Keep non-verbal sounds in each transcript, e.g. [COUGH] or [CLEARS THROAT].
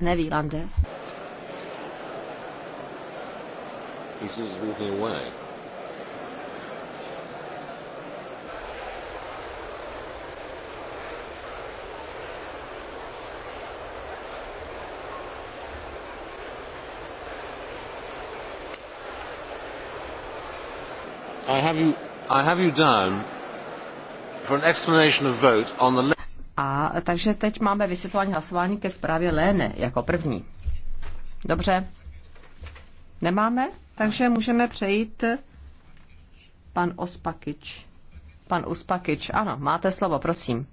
ne Výlande. He's just walking away. I have you, I have you down for an explanation of vote on the takže teď máme vysvětlování hlasování ke zprávě Léne jako první. Dobře. Nemáme? Takže můžeme přejít pan Ospakič. Pan Uspakič, ano, máte slovo, prosím.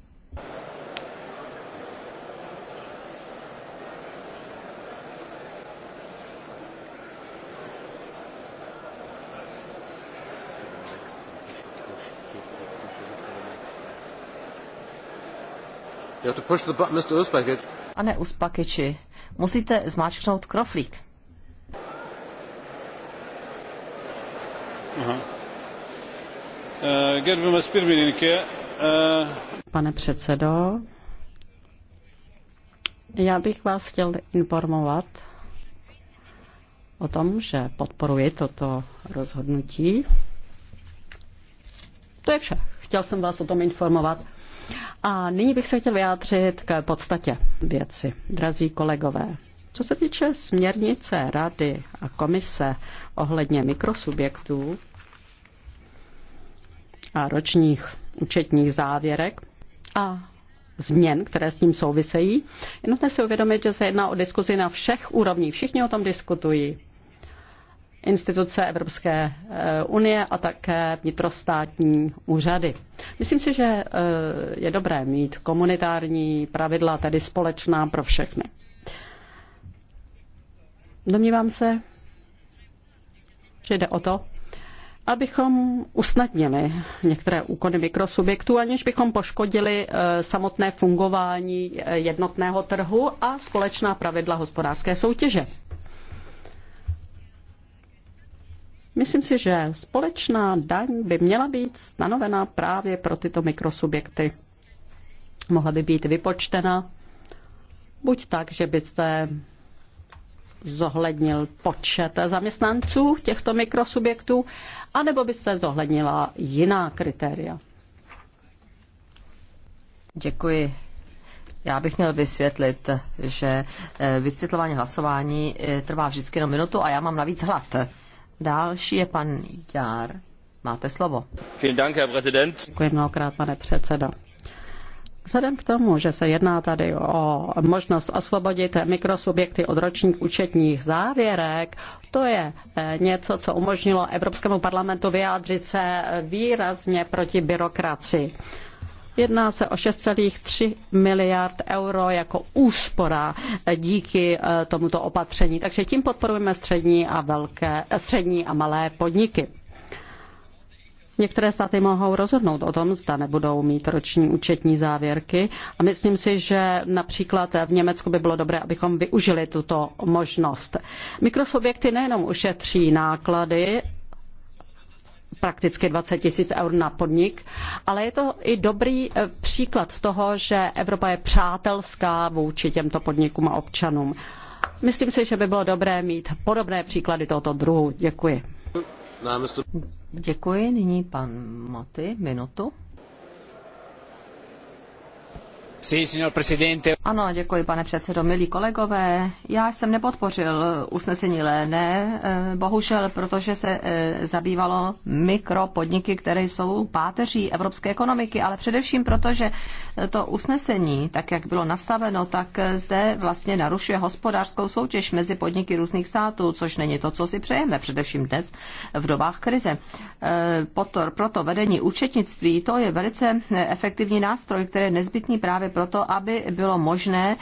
Pane Uspakiči, musíte zmáčknout kroflík. Eh, eh. Pane předsedo, já bych vás chtěl informovat o tom, že podporuji toto rozhodnutí. To je vše. Chtěl jsem vás o tom informovat. A nyní bych se chtěl vyjádřit k podstatě věci. Drazí kolegové, co se týče směrnice rady a komise ohledně mikrosubjektů a ročních účetních závěrek a změn, které s tím souvisejí, je nutné si uvědomit, že se jedná o diskuzi na všech úrovních. Všichni o tom diskutují instituce Evropské eh, unie a také vnitrostátní úřady. Myslím si, že eh, je dobré mít komunitární pravidla, tedy společná pro všechny. Domnívám se, že jde o to, abychom usnadnili některé úkony mikrosubjektů, aniž bychom poškodili eh, samotné fungování jednotného trhu a společná pravidla hospodářské soutěže. Myslím si, že společná daň by měla být stanovena právě pro tyto mikrosubjekty. Mohla by být vypočtena buď tak, že byste zohlednil počet zaměstnanců těchto mikrosubjektů, anebo byste zohlednila jiná kritéria. Děkuji. Já bych měl vysvětlit, že eh, vysvětlování hlasování eh, trvá vždycky jenom minutu a já mám navíc hlad. Další je pan Jár. Máte slovo. Děkuji mnohokrát, pane předsedo. Vzhledem k tomu, že se jedná tady o možnost osvobodit mikrosubjekty od ročních účetních závěrek, to je eh, něco, co umožnilo Evropskému parlamentu vyjádřit se výrazně proti byrokracii. Jedná se o 6,3 miliard euro jako úspora eh, díky eh, tomuto opatření. Takže tím podporujeme střední a, velké, eh, střední a malé podniky. Některé státy mohou rozhodnout o tom, zda nebudou mít roční účetní závěrky. A myslím si, že například v Německu by bylo dobré, abychom využili tuto možnost. Mikrosubjekty nejenom ušetří náklady prakticky 20 tisíc eur na podnik, ale je to i dobrý e, příklad toho, že Evropa je přátelská vůči těmto podnikům a občanům. Myslím si, že by bylo dobré mít podobné příklady tohoto druhu. Děkuji. Děkuji. Nyní pan Maty, minutu. Ano, děkuji, pane předsedo. Milí kolegové, já jsem nepodpořil usnesení Léne, eh, bohužel, protože se eh, zabývalo mikropodniky, které jsou páteří evropské ekonomiky, ale především proto, že to usnesení, tak jak bylo nastaveno, tak eh, zde vlastně narušuje hospodářskou soutěž mezi podniky různých států, což není to, co si přejeme, především dnes v dobách krize. Proto vedení účetnictví, to je velice efektivní nástroj, který je nezbytný právě právě proto, aby bylo možné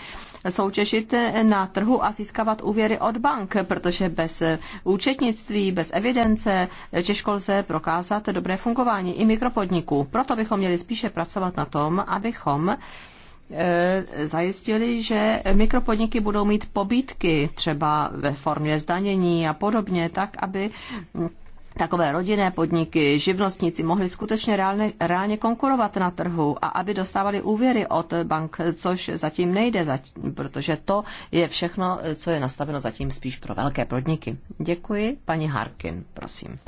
soutěžit na trhu a získávat úvěry od bank, protože bez účetnictví, bez evidence těžko lze prokázat dobré fungování i mikropodniků. Proto bychom měli spíše pracovat na tom, abychom e, zajistili, že mikropodniky budou mít pobídky třeba ve formě zdanění a podobně, tak aby takové rodinné podniky, živnostníci mohli skutečně reálně, reálně konkurovat na trhu a aby dostávali úvěry od bank, což zatím nejde, zatím, protože to je všechno, co je nastaveno zatím spíš pro velké podniky. Děkuji. Paní Harkin, prosím.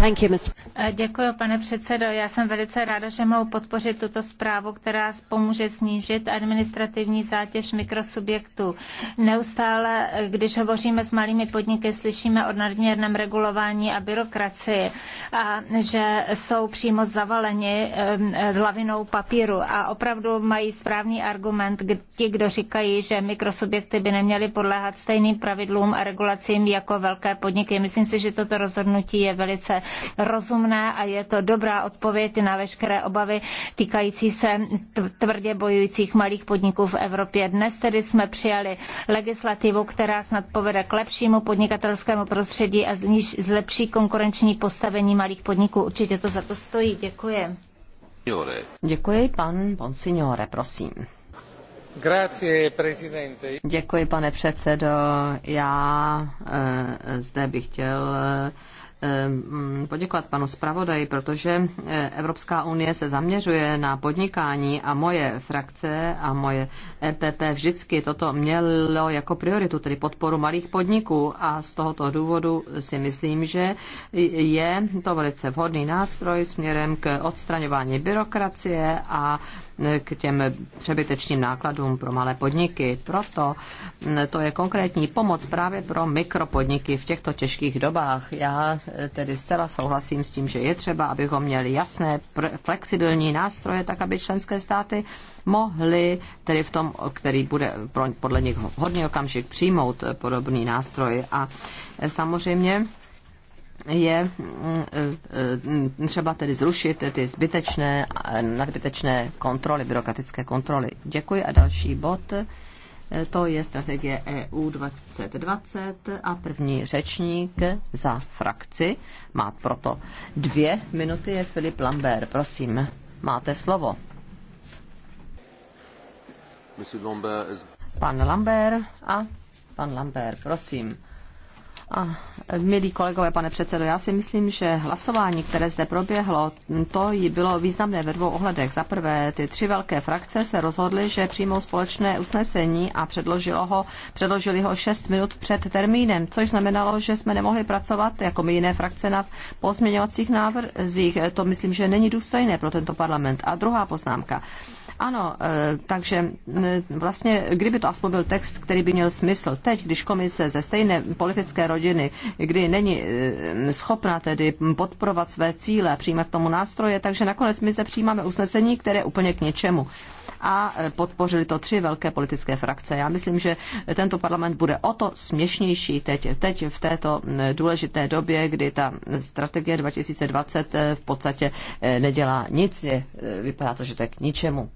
Eh, Děkuji, pane předsedo. Já jsem velice ráda, že mohu podpořit tuto zprávu, která pomůže snížit administrativní zátěž mikrosubjektů. Neustále, eh, když hovoříme s malými podniky, slyšíme o nadměrném regulování a byrokracii a že jsou přímo zavaleni hlavinou eh, papíru a opravdu mají správný argument ti, kdo říkají, že mikrosubjekty by neměly podléhat stejným pravidlům a regulacím jako velké podniky. Myslím si, že toto rozhodnutí je velice rozumné a je to dobrá odpověď na veškeré obavy týkající se tvrdě bojujících malých podniků v Evropě. Dnes tedy jsme přijali legislativu, která snad povede k lepšímu podnikatelskému prostředí a zlepší konkurenční postavení malých podniků. Určitě to za to stojí. Děkuji. Děkuji, pan Bonsignore, prosím. Grazie, Děkuji, pane předsedo. Já eh, zde bych chtěl Ehm, poděkovat panu zpravodaji, protože eh, Evropská unie se zaměřuje na podnikání a moje frakce a moje EPP vždycky toto mělo jako prioritu, tedy podporu malých podniků a z tohoto důvodu si myslím, že je to velice vhodný nástroj směrem k odstraňování byrokracie a k těm přebytečným nákladům pro malé podniky. Proto mm, to je konkrétní pomoc právě pro mikropodniky v těchto těžkých dobách. Já eh, tedy zcela souhlasím s tím, že je třeba, abychom měli jasné, flexibilní nástroje, tak aby členské státy mohli tedy v tom, který bude podle nich hodný okamžik přijmout podobný nástroj. A eh, samozřejmě je mm, e, e, třeba tedy zrušit ty zbytečné, nadbytečné kontroly, byrokratické kontroly. Děkuji a další bod. E, to je strategie EU 2020 a první řečník za frakci má proto dvě minuty je Filip Lambert. Prosím, máte slovo. Pan Lambert a pan Lambert, prosím. A milí kolegové, pane předsedo, já si myslím, že hlasování, které zde proběhlo, to bylo významné ve dvou ohledech. Za prvé, ty tři velké frakce se rozhodly, že přijmou společné usnesení a předložilo ho, předložili ho šest minut před termínem, což znamenalo, že jsme nemohli pracovat jako my jiné frakce na pozměňovacích návrzích. To myslím, že není důstojné pro tento parlament. A druhá poznámka. Ano, e, takže e, vlastně, kdyby to aspoň byl text, který by měl smysl. Teď, když komise ze stejné politické rodiny rodiny, kdy není eh, schopna tedy podporovat své cíle, přijímat k tomu nástroje, takže nakonec my zde přijímáme usnesení, které je úplně k něčemu a eh, podpořili to tři velké politické frakce. Já myslím, že tento parlament bude o to směšnější teď, teď v této eh, důležité době, kdy ta strategie 2020 v podstatě nedělá nic, je, vypadá to, že to je k ničemu.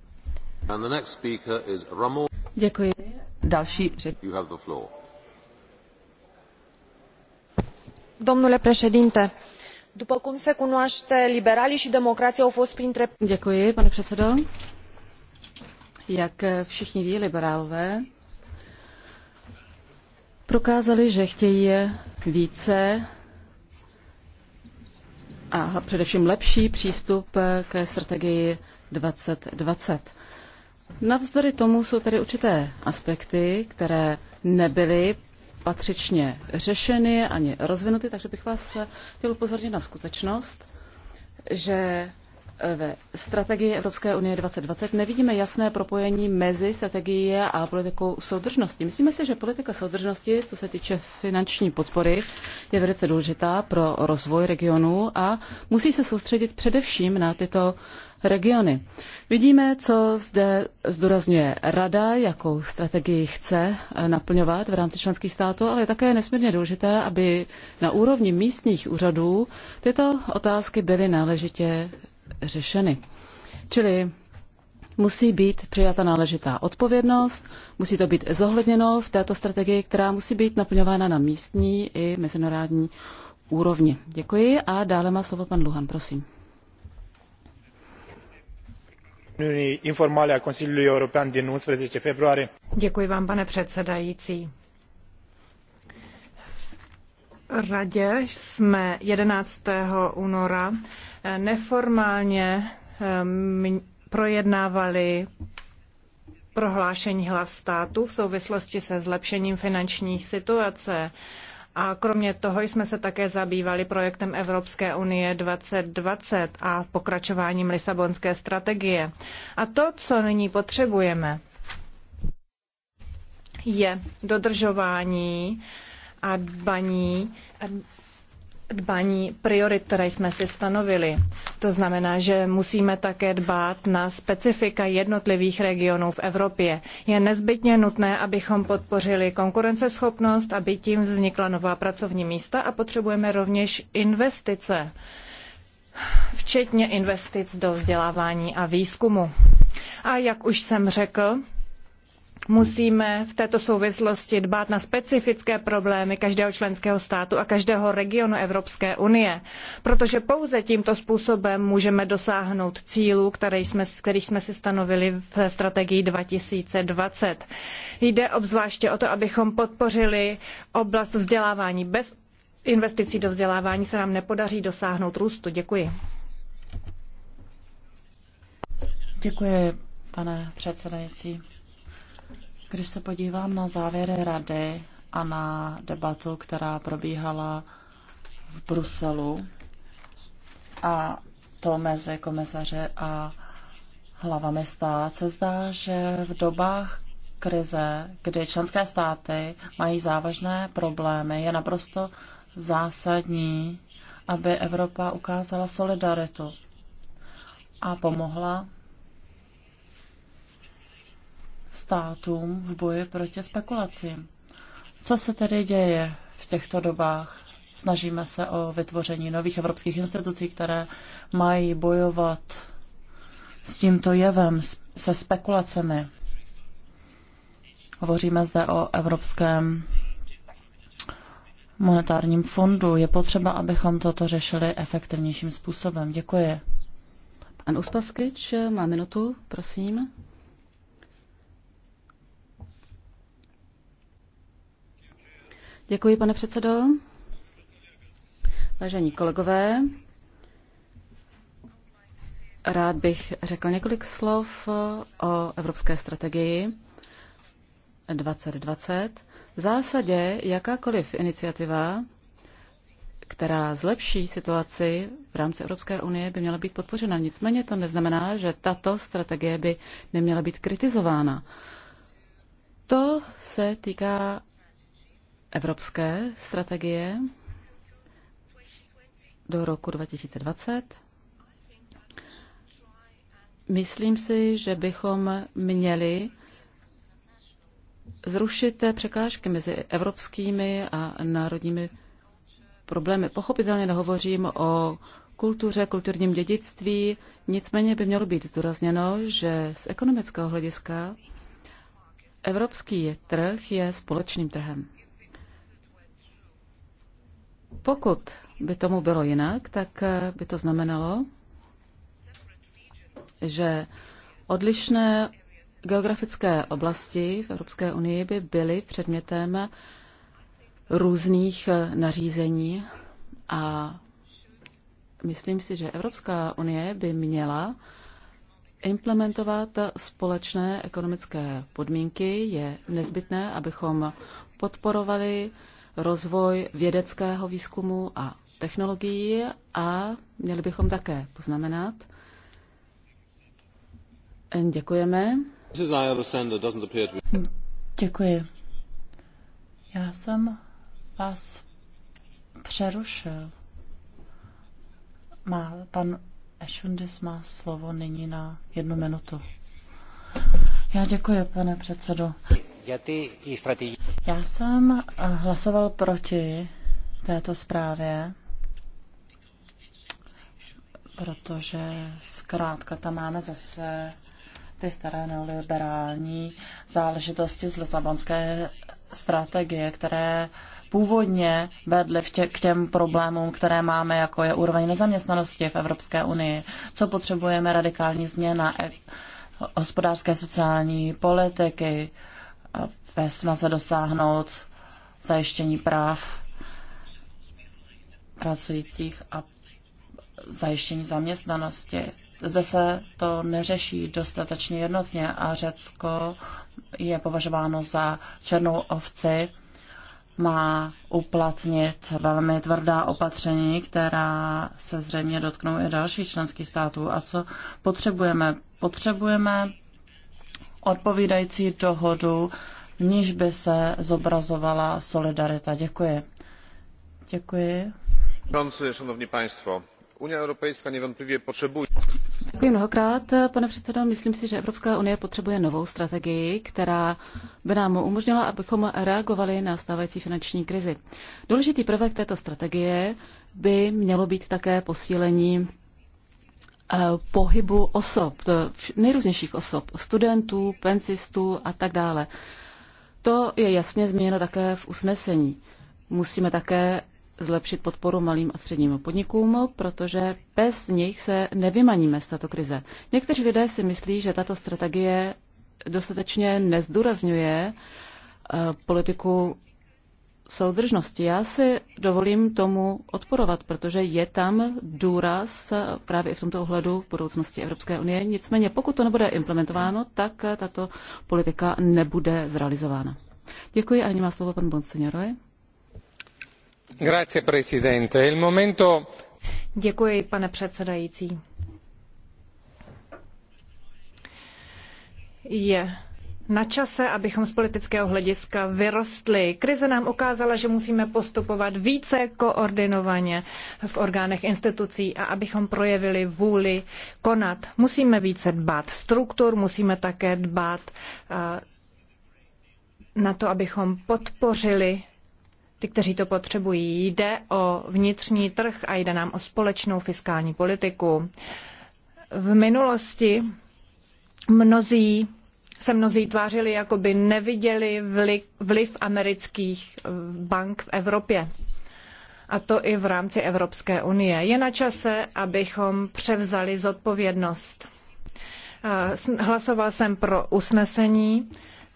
Děkuji. Další řeč. după cum se cunoaște, liberálii și democrații au fost printre... pane předsedající, Jak eh, všichni ví, liberálové prokázali, že chtějí eh, více a především lepší přístup eh, ke strategii 2020. Navzdory tomu jsou tady určité aspekty, které nebyly patřičně řešeny ani rozvinuty, takže bych vás chtěl upozornit na skutečnost, že ve strategii Evropské unie 2020 nevidíme jasné propojení mezi strategií a politikou soudržnosti. Myslíme si, že politika soudržnosti, co se týče finanční podpory, je velice důležitá pro rozvoj regionu a musí se soustředit především na tyto regiony. Vidíme, co zde zdůrazňuje Rada, jakou strategii chce eh, naplňovat v rámci členských států, ale je také nesmírně důležité, aby na úrovni místních úřadů tyto otázky byly náležitě řešeny. Čili musí být přijata náležitá odpovědnost, musí to být zohledněno v této strategii, která musí být naplňována na místní i mezinárodní úrovni. Děkuji a dále má slovo pan Luhan, prosím uniunii informale a Consiliului European din unsprezece februarie. pane předsedající. Radě jsme eleven února eh, neformálně eh, projednávali prohlášení hlav států v souvislosti se zlepšením finanční situace. A kromě toho jsme se také zabývali projektem Evropské unie 2020 a pokračováním Lisabonské strategie. A to, co nyní potřebujeme, je dodržování a dbaní dbaní priorit, které jsme si stanovili. To znamená, že musíme také dbát na specifika jednotlivých regionů v Evropě. Je nezbytně nutné, abychom podpořili konkurenceschopnost, aby tím vznikla nová pracovní místa a potřebujeme rovněž investice, včetně investic do vzdělávání a výzkumu. A jak už jsem řekl, Musíme v této souvislosti dbát na specifické problémy každého členského státu a každého regionu Evropské unie, protože pouze tímto způsobem můžeme dosáhnout cílů, které jsme, který jsme si stanovili v strategii 2020. Jde obzvláště o to, abychom podpořili oblast vzdělávání. Bez investicí do vzdělávání se nám nepodaří dosáhnout růstu. Děkuji. Děkuji, pane předsedající. Když se podívám na závěry rady a na debatu, která probíhala v Bruselu a to mezi komisaře a hlavami stát, se zdá, že v dobách krize, kdy členské státy mají závažné problémy, je naprosto zásadní, aby Evropa ukázala solidaritu a pomohla státům v boji proti spekulacím. Co se tedy děje v těchto dobách? Snažíme se o vytvoření nových evropských institucí, které mají bojovat s tímto jevem, se spekulacemi. Hovoříme zde o Evropském monetárním fondu. Je potřeba, abychom toto řešili efektivnějším způsobem. Děkuji. Pan Uspaskyč má minutu, prosím. Děkuji, pane předsedo. Vážení kolegové, rád bych řekl několik slov o evropské strategii 2020. V zásadě jakákoliv iniciativa, která zlepší situaci v rámci Evropské unie, by měla být podpořena. Nicméně to neznamená, že tato strategie by neměla být kritizována. To se týká evropské strategie do roku 2020. Myslím si, že bychom měli zrušit překážky mezi evropskými a národními problémy. Pochopitelně nehovořím o kultuře, kulturním dědictví, nicméně by mělo být zdůrazněno, že z ekonomického hlediska evropský trh je společným trhem. Pokud by tomu bylo jinak, tak eh, by to znamenalo, že odlišné geografické oblasti v Evropské unii by byly předmětem různých eh, nařízení a myslím si, že Evropská unie by měla implementovat společné ekonomické podmínky. Je nezbytné, abychom podporovali rozvoj vědeckého výzkumu a technologií a měli bychom také poznamenat. Děkujeme. Děkuji. Já jsem vás přerušil. Má, pan Ešundis má slovo nyní na jednu minutu. Já děkuji, pane předsedo. Já jsem eh, hlasoval proti této zprávě, protože zkrátka tam máme zase ty staré neoliberální záležitosti z Lisabonské strategie, které původně vedly tě, k těm problémům, které máme, jako je úroveň nezaměstnanosti v Evropské unii, co potřebujeme radikální změna e- hospodářské sociální politiky, ve snaze dosáhnout zajištění práv pracujících a zajištění zaměstnanosti. Zde se to neřeší dostatečně jednotně a Řecko je považováno za černou ovci, má uplatnit velmi tvrdá opatření, která se zřejmě dotknou i dalších členských států. A co potřebujeme? Potřebujeme odpovídající dohodu aniž by se zobrazovala solidarita. Děkuji. Děkuji. Szanowni Państwo, Unia Europejska niewątpliwie potrzebuje. Děkuji mnohokrát, pane předsedo. Myslím si, že Evropská unie potřebuje novou strategii, která by nám umožnila, abychom reagovali na stávající finanční krizi. Důležitý prvek této strategie by mělo být také posílení eh, pohybu osob, nejrůznějších osob, studentů, pensistů a tak dále. To je jasně změněno také v usnesení. Musíme také zlepšit podporu malým a středním podnikům, protože bez nich se nevymaníme z této krize. Někteří lidé si myslí, že tato strategie dostatečně nezdůrazňuje eh, politiku soudržnosti. Já si dovolím tomu odporovat, protože je tam důraz právě v tomto ohledu v budoucnosti Evropské unie. Nicméně, pokud to nebude implementováno, tak tato politika nebude zrealizována. Děkuji a má slovo pan Bonsignoroj. Grazie, presidente. Il momento... Děkuji, pane předsedající. Je na čase, abychom z politického hlediska vyrostli. Krize nám ukázala, že musíme postupovat více koordinovaně v orgánech institucí a abychom projevili vůli konat. Musíme více dbát struktur, musíme také dbát na to, abychom podpořili ty, kteří to potřebují. Jde o vnitřní trh a jde nám o společnou fiskální politiku. V minulosti mnozí se mnozí tvářili, jako by neviděli vliv amerických bank v Evropě. A to i v rámci Evropské unie. Je na čase, abychom převzali zodpovědnost. Eh, hlasoval jsem pro usnesení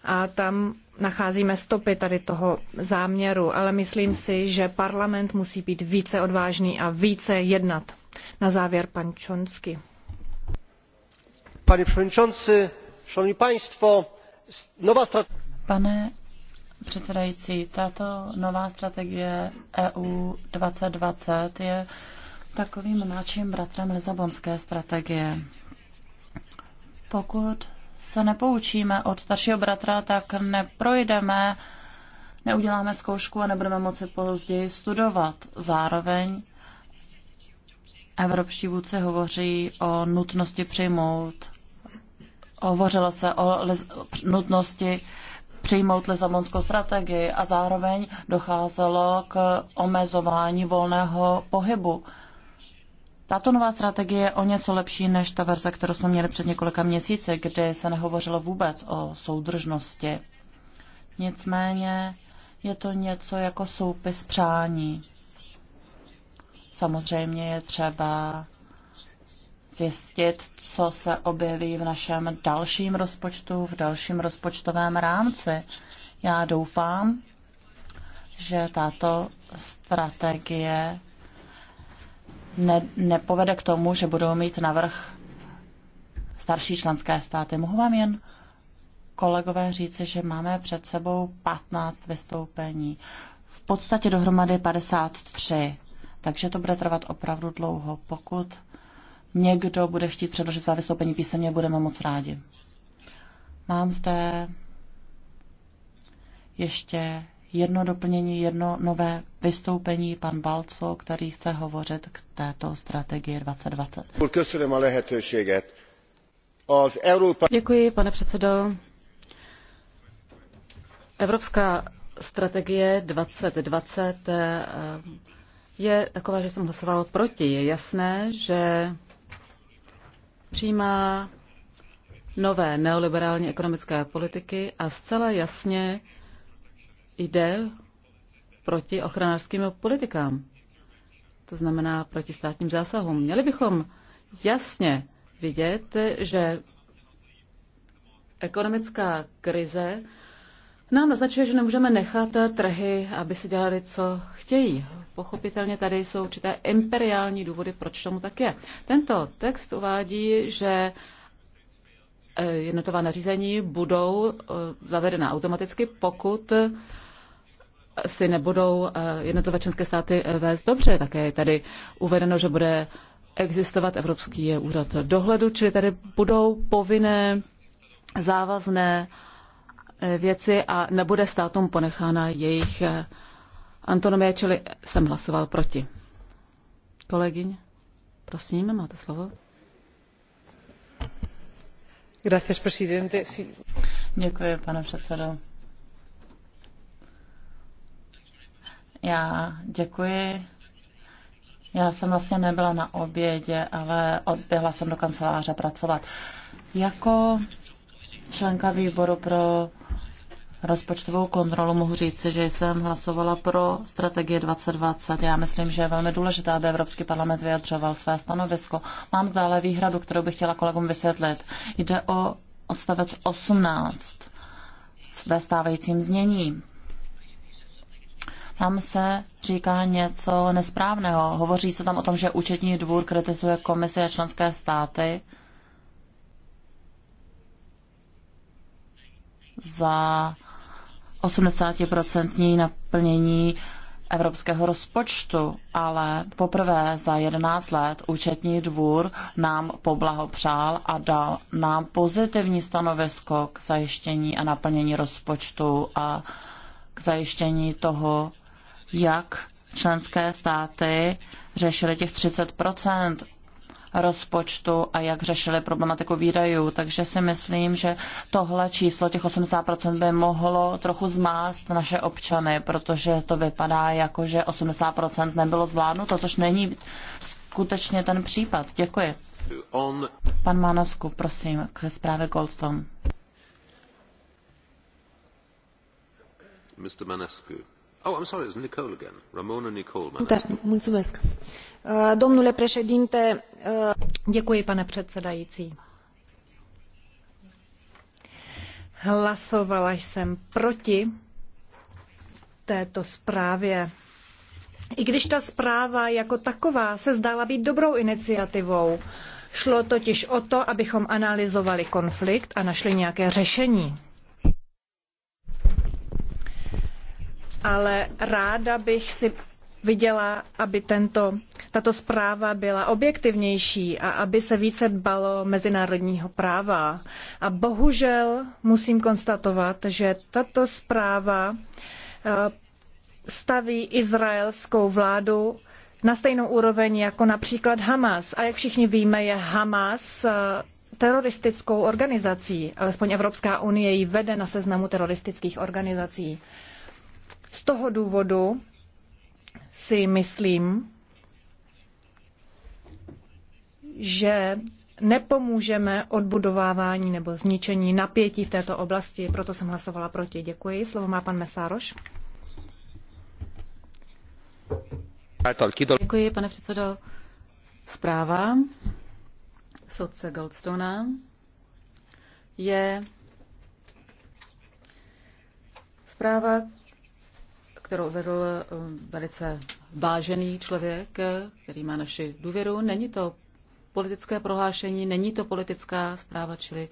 a tam nacházíme stopy tady toho záměru, ale myslím si, že parlament musí být více odvážný a více jednat. Na závěr pan Čonsky. Pane předsedající, Pane předsedající, tato nová strategie EU 2020 je takovým mladším bratrem Lisabonské strategie. Pokud se nepoučíme od staršího bratra, tak neprojdeme, neuděláme zkoušku a nebudeme moci později studovat. Zároveň evropští vůdci hovoří o nutnosti přijmout Hovořilo se o nutnosti přijmout Lisabonskou strategii a zároveň docházelo k omezování volného pohybu. Tato nová strategie je o něco lepší než ta verze, kterou jsme měli před několika měsíci, kdy se nehovořilo vůbec o soudržnosti. Nicméně je to něco jako soupis přání. Samozřejmě je třeba zjistit, co se objeví v našem dalším rozpočtu, v dalším rozpočtovém rámci. Já doufám, že tato strategie ne, nepovede k tomu, že budou mít navrh starší členské státy. Mohu vám jen kolegové říci, že máme před sebou 15 vystoupení. V podstatě dohromady 53, takže to bude trvat opravdu dlouho. Pokud někdo bude chtít předložit svá vystoupení písemně, budeme moc rádi. Mám zde ještě jedno doplnění, jedno nové vystoupení, pan Balco, který chce hovořit k této strategii 2020. Děkuji, pane předsedo. Evropská strategie 2020 eh, je taková, že jsem hlasoval proti. Je jasné, že přijímá nové neoliberální ekonomické politiky a zcela jasně jde proti ochranářským politikám, to znamená proti státním zásahům. Měli bychom jasně vidět, že ekonomická krize nám naznačuje, že nemůžeme nechat trhy, aby si dělali, co chtějí. Pochopitelně tady jsou určité imperiální důvody, proč tomu tak je. Tento text uvádí, že eh, jednotová nařízení budou eh, zavedena automaticky, pokud si nebudou eh, jednotlivé členské státy vést dobře. Také je tady uvedeno, že bude existovat Evropský úřad dohledu, čili tady budou povinné závazné věci a nebude státům ponechána jejich Antonomie, čili jsem hlasoval proti. Kolegyň, prosím, máte slovo. Gracias, presidente. Děkuji, pane předsedo. Já děkuji. Já jsem vlastně nebyla na obědě, ale odběhla jsem do kanceláře pracovat. Jako členka výboru pro rozpočtovou kontrolu, mohu říct, že jsem hlasovala pro strategie 2020. Já myslím, že je velmi důležité, aby Evropský parlament vyjadřoval své stanovisko. Mám zdále výhradu, kterou bych chtěla kolegům vysvětlit. Jde o odstavec 18 ve stávajícím znění. Tam se říká něco nesprávného. Hovoří se tam o tom, že účetní dvůr kritizuje komise a členské státy za 80% naplnění evropského rozpočtu, ale poprvé za 11 let účetní dvůr nám poblahopřál a dal nám pozitivní stanovisko k zajištění a naplnění rozpočtu a k zajištění toho, jak členské státy řešily těch 30 rozpočtu a jak řešili problematiku výdajů. Takže si myslím, že tohle číslo těch 80% by mohlo trochu zmást naše občany, protože to vypadá jako, že 80% nebylo zvládnuto, což není skutečně ten případ. Děkuji. On... Pan Manosku, prosím, k zprávě Goldstone. Mr. Manescu. Oh, I'm sorry, it's Nicole again. Eh, eh, pane předsedající. Hlasovala jsem proti této zprávě. I když ta zpráva jako taková se zdála být dobrou iniciativou, šlo totiž o to, abychom analyzovali konflikt a našli nějaké řešení. ale ráda bych si viděla, aby tento, tato zpráva byla objektivnější a aby se více dbalo mezinárodního práva. A bohužel musím konstatovat, že tato zpráva eh, staví izraelskou vládu na stejnou úroveň jako například Hamas. A jak všichni víme, je Hamas eh, teroristickou organizací, alespoň Evropská unie ji vede na seznamu teroristických organizací. Z toho důvodu si myslím, že nepomůžeme odbudovávání nebo zničení napětí v této oblasti, proto jsem hlasovala proti. Děkuji. Slovo má pan Mesároš. Děkuji, pane předsedo. Zpráva soudce Goldstona je zpráva, kterou vedl eh, velice vážený člověk, eh, který má naši důvěru. Není to politické prohlášení, není to politická zpráva, čili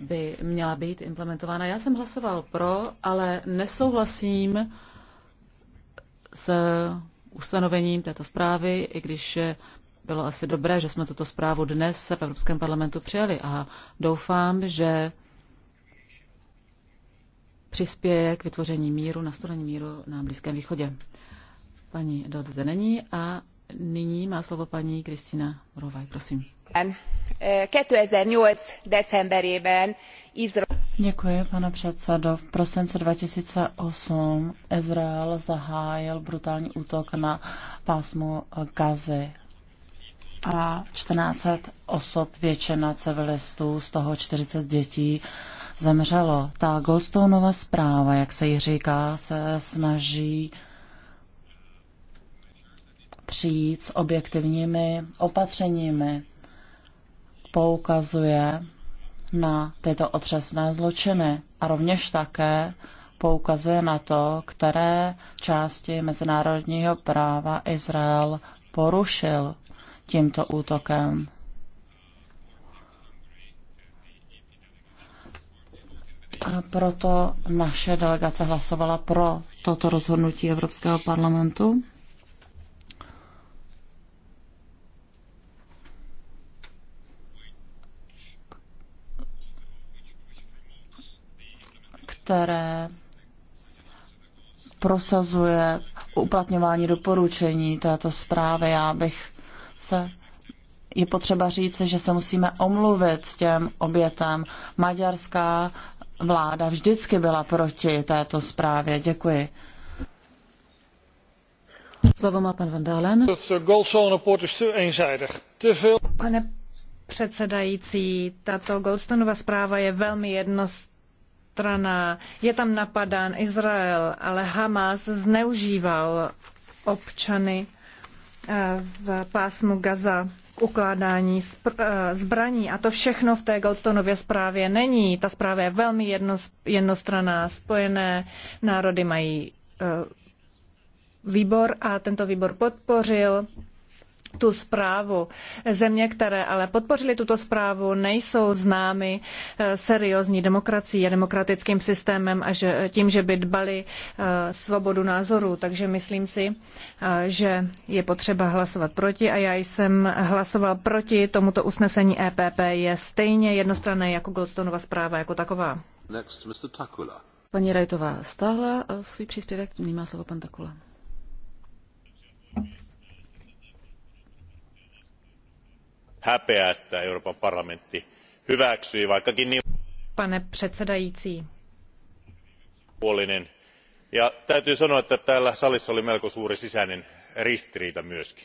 by měla být implementována. Já jsem hlasoval pro, ale nesouhlasím s ustanovením této zprávy, i když eh, bylo asi dobré, že jsme tuto zprávu dnes v Evropském parlamentu přijali a doufám, že přispěje k vytvoření míru, nastolení míru na Blízkém východě. Paní Dot zde není a nyní má slovo paní Kristina Rovaj, prosím. Eh, Děkuji, pane předsedo. V prosince 2008 Izrael zahájil brutální útok na pásmu Gazy a 14 osob, většina civilistů, z toho 40 dětí, zemřelo. Ta Goldstoneova zpráva, jak se jí říká, se snaží přijít s objektivními opatřeními. Poukazuje na tyto otřesné zločiny a rovněž také poukazuje na to, které části mezinárodního práva Izrael porušil tímto útokem. proto naše delegace hlasovala pro toto rozhodnutí Evropského parlamentu. které prosazuje uplatňování doporučení této zprávy. Já bych se je potřeba říct, že se musíme omluvit těm obětem. Maďarská vláda vždycky byla proti této zprávě. Děkuji. Slovo má pan Vandalen. Pane předsedající, tato Goldstoneova zpráva je velmi jednostranná. Je tam napadán Izrael, ale Hamas zneužíval občany v pásmu Gaza k ukládání eh, zbraní. A to všechno v té Goldstoneově zprávě není. Ta zpráva je velmi jednostranná. Spojené národy mají eh, výbor a tento výbor podpořil tu zprávu. Země, které ale podpořily tuto zprávu, nejsou známy eh, seriózní demokracií a demokratickým systémem a že, tím, že by dbali eh, svobodu názoru. Takže myslím si, eh, že je potřeba hlasovat proti a já jsem hlasoval proti tomuto usnesení EPP. Je stejně jednostranné jako Goldstoneova zpráva jako taková. Next, Paní Rajtová stáhla svůj příspěvek, nyní slovo pan Takula. häpeä että euroopan parlamentti hyväksyi vaikkakin niin pane předsedající puolinen ja täytyy sanoa että täällä salissa oli melko suuri sisäinen ristiriita myös.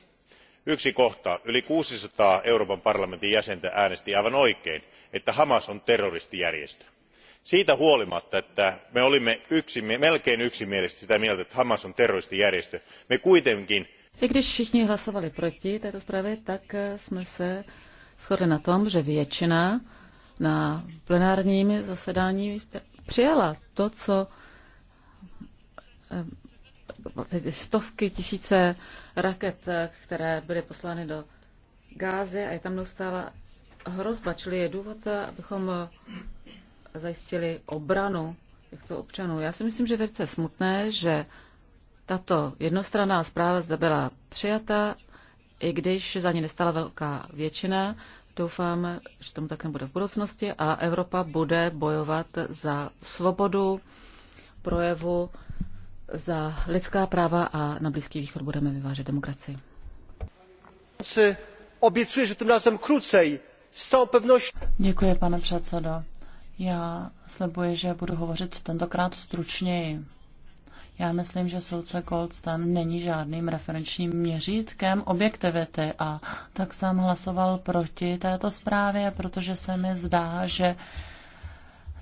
yksi kohta yli kuusisataa euroopan parlamentin jäsentä äänesti aivan oikein että hamas on terroristijärjestö. siitä huolimatta että me olimme melkein yksimielisesti sitä mieltä että hamas on terroristijärjestö me kuitenkin i když všichni hlasovali proti této zprávě, tak eh, jsme se shodli na tom, že většina na plenárním zasedání přijala to, co eh, stovky, tisíce raket, eh, které byly poslány do Gázy a je tam neustála hrozba, čili je důvod, abychom zajistili obranu těchto občanů. Já si myslím, že je velice smutné, že tato jednostranná zpráva zde byla přijata, i když za ní nestala velká většina. Doufám, že tomu tak nebude v budoucnosti a Evropa bude bojovat za svobodu projevu, za lidská práva a na Blízký východ budeme vyvážet demokracii. Obiecuję, že tym razem krucej, S tou pevností. Děkuji, pane předsedo. Já slibuji, že budu hovořit tentokrát stručněji. Já myslím, že soudce Goldstein není žádným referenčním měřítkem objektivity a tak jsem hlasoval proti této zprávě, protože se mi zdá, že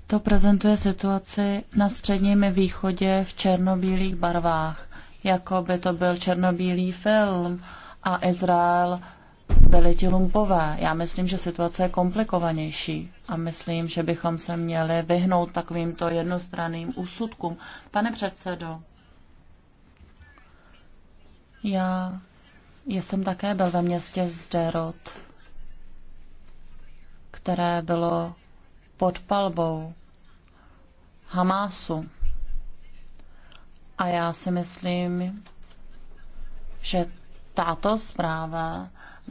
to prezentuje situaci na středním východě v černobílých barvách, jako by to byl černobílý film a Izrael byli ti lumpové. Já myslím, že situace je komplikovanější a myslím, že bychom se měli vyhnout takovýmto jednostranným úsudkům. Pane předsedo, já jsem také byl ve městě Zderot, které bylo pod palbou Hamásu. A já si myslím, že tato zpráva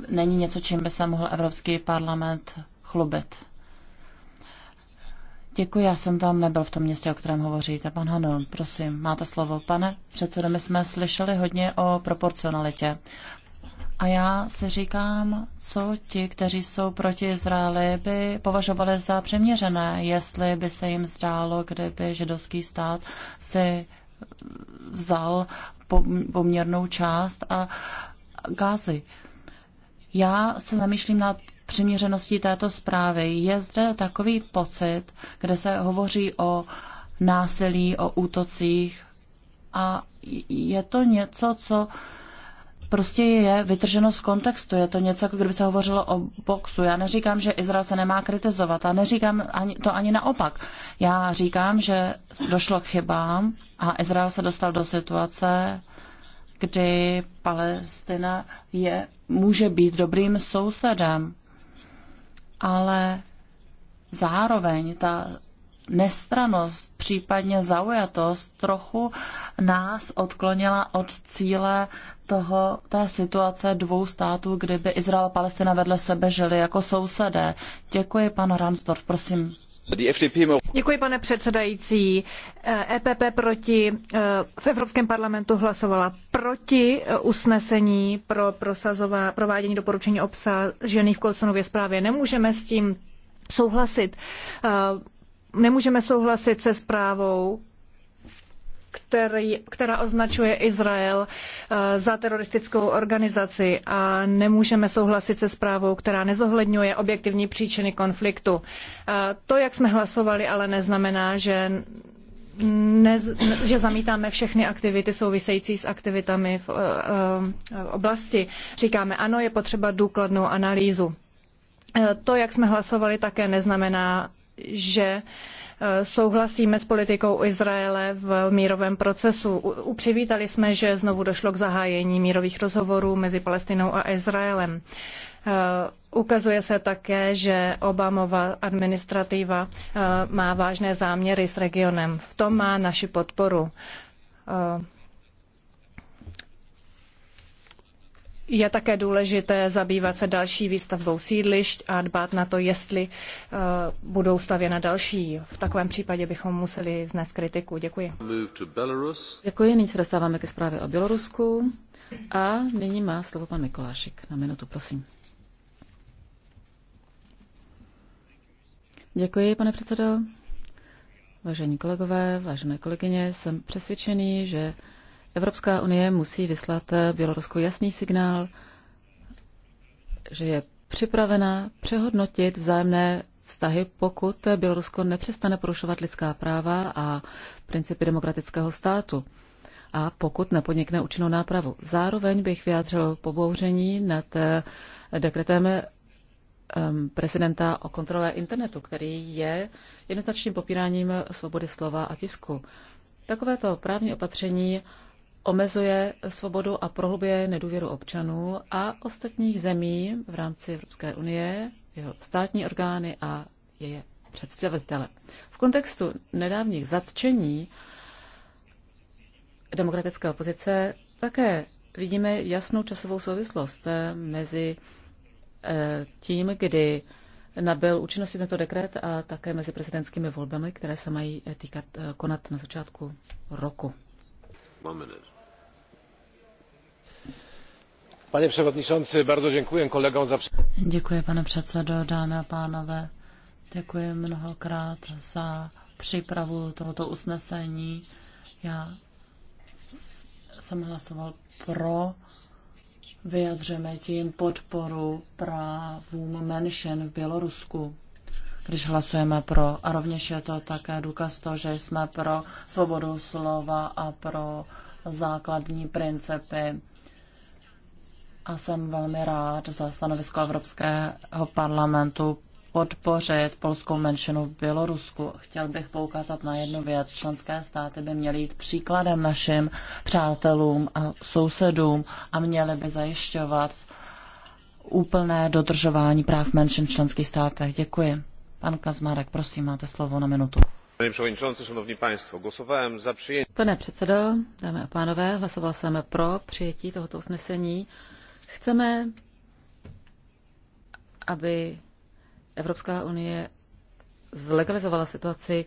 není něco, čím by se mohl Evropský parlament chlubit. Děkuji, já jsem tam nebyl v tom městě, o kterém hovoříte. Pan Hanon, prosím, máte slovo. Pane předsedo, my jsme slyšeli hodně o proporcionalitě. A já si říkám, co ti, kteří jsou proti Izraeli, by považovali za přeměřené, jestli by se jim zdálo, kdyby židovský stát si vzal poměrnou část a gázy. Já se zamýšlím nad přiměřenosti této zprávy. Je zde takový pocit, kde se hovoří o násilí, o útocích a je to něco, co prostě je vytrženo z kontextu. Je to něco, jako kdyby se hovořilo o boxu. Já neříkám, že Izrael se nemá kritizovat a neříkám ani, to ani naopak. Já říkám, že došlo k chybám a Izrael se dostal do situace, kdy Palestina je, může být dobrým sousedem ale zároveň ta nestranost, případně zaujatost trochu nás odklonila od cíle toho, té situace dvou států, kdyby Izrael a Palestina vedle sebe žili jako sousedé. Děkuji, pan Ransdorf, prosím pane předsedající. EPP eh, e proti, eh, v Evropském parlamentu hlasovala proti eh, usnesení pro provádění doporučení obsažených v Kolsonově zprávě. Nemůžeme s tím souhlasit. Nemůžeme souhlasit se zprávou který, která označuje Izrael eh, za teroristickou organizaci a nemůžeme souhlasit se zprávou, která nezohledňuje objektivní příčiny konfliktu. Eh, to, jak jsme hlasovali, ale neznamená, že ne, že zamítáme všechny aktivity související s aktivitami v, eh, v oblasti. Říkáme, ano, je potřeba důkladnou analýzu. To, jak jsme hlasovali, také neznamená, že souhlasíme s politikou Izraele v mírovém procesu. Upřivítali jsme, že znovu došlo k zahájení mírových rozhovorů mezi Palestinou a Izraelem. E, ukazuje se také, že Obamova administrativa e, má vážné záměry s regionem. V tom má naši podporu e, Je také důležité zabývat se další výstavbou sídlišť a dbát na to, jestli eh, budou stavěna další. V takovém případě bychom museli vznést kritiku. Děkuji. Děkuji, nyní se dostáváme ke zprávě o Bělorusku. A nyní má slovo pan Mikolášik. Na minutu, prosím. Děkuji, pane předsedo. Vážení kolegové, vážené kolegyně, jsem přesvědčený, že Evropská unie musí vyslat eh, Bělorusku jasný signál, že je připravena přehodnotit vzájemné vztahy, pokud Bělorusko nepřestane porušovat lidská práva a principy demokratického státu a pokud nepodnikne účinnou nápravu. Zároveň bych vyjádřil pobouření nad eh, dekretem ehm, prezidenta o kontrole internetu, který je jednoznačným popíráním svobody slova a tisku. Takovéto právní opatření omezuje svobodu a prohlubuje nedůvěru občanů a ostatních zemí v rámci Evropské unie, jeho státní orgány a je představitele. V kontextu nedávných zatčení demokratické opozice také vidíme jasnou časovou souvislost eh, mezi eh, tím, kdy nabyl účinnosti tento dekret a také mezi prezidentskými volbami, které se mají eh, týkat konat na začátku roku. Pane předsedající, bardzo děkuji kolegům za... Děkuji, pane předsedo, dámy a pánové. Děkuji mnohokrát za přípravu tohoto usnesení. Já jsem hlasoval pro. vyjadřujeme tím podporu právům menšin v Bělorusku když hlasujeme pro. A rovněž je to také důkaz toho, že jsme pro svobodu slova a pro základní principy. A jsem velmi rád za stanovisko Evropského parlamentu podpořit polskou menšinu v Bělorusku. Chtěl bych poukázat na jednu věc. Členské státy by měly jít příkladem našim přátelům a sousedům a měly by zajišťovat úplné dodržování práv menšin v členských státech. Děkuji. Pan Kazmarek, prosím, máte slovo na minutu. Pane předsedající, šanovní państwo, głosowałem za przyjęciem. Pane předsedo, dámy a pánové, hlasoval jsem pro přijetí tohoto usnesení. Chceme, aby Evropská unie zlegalizovala situaci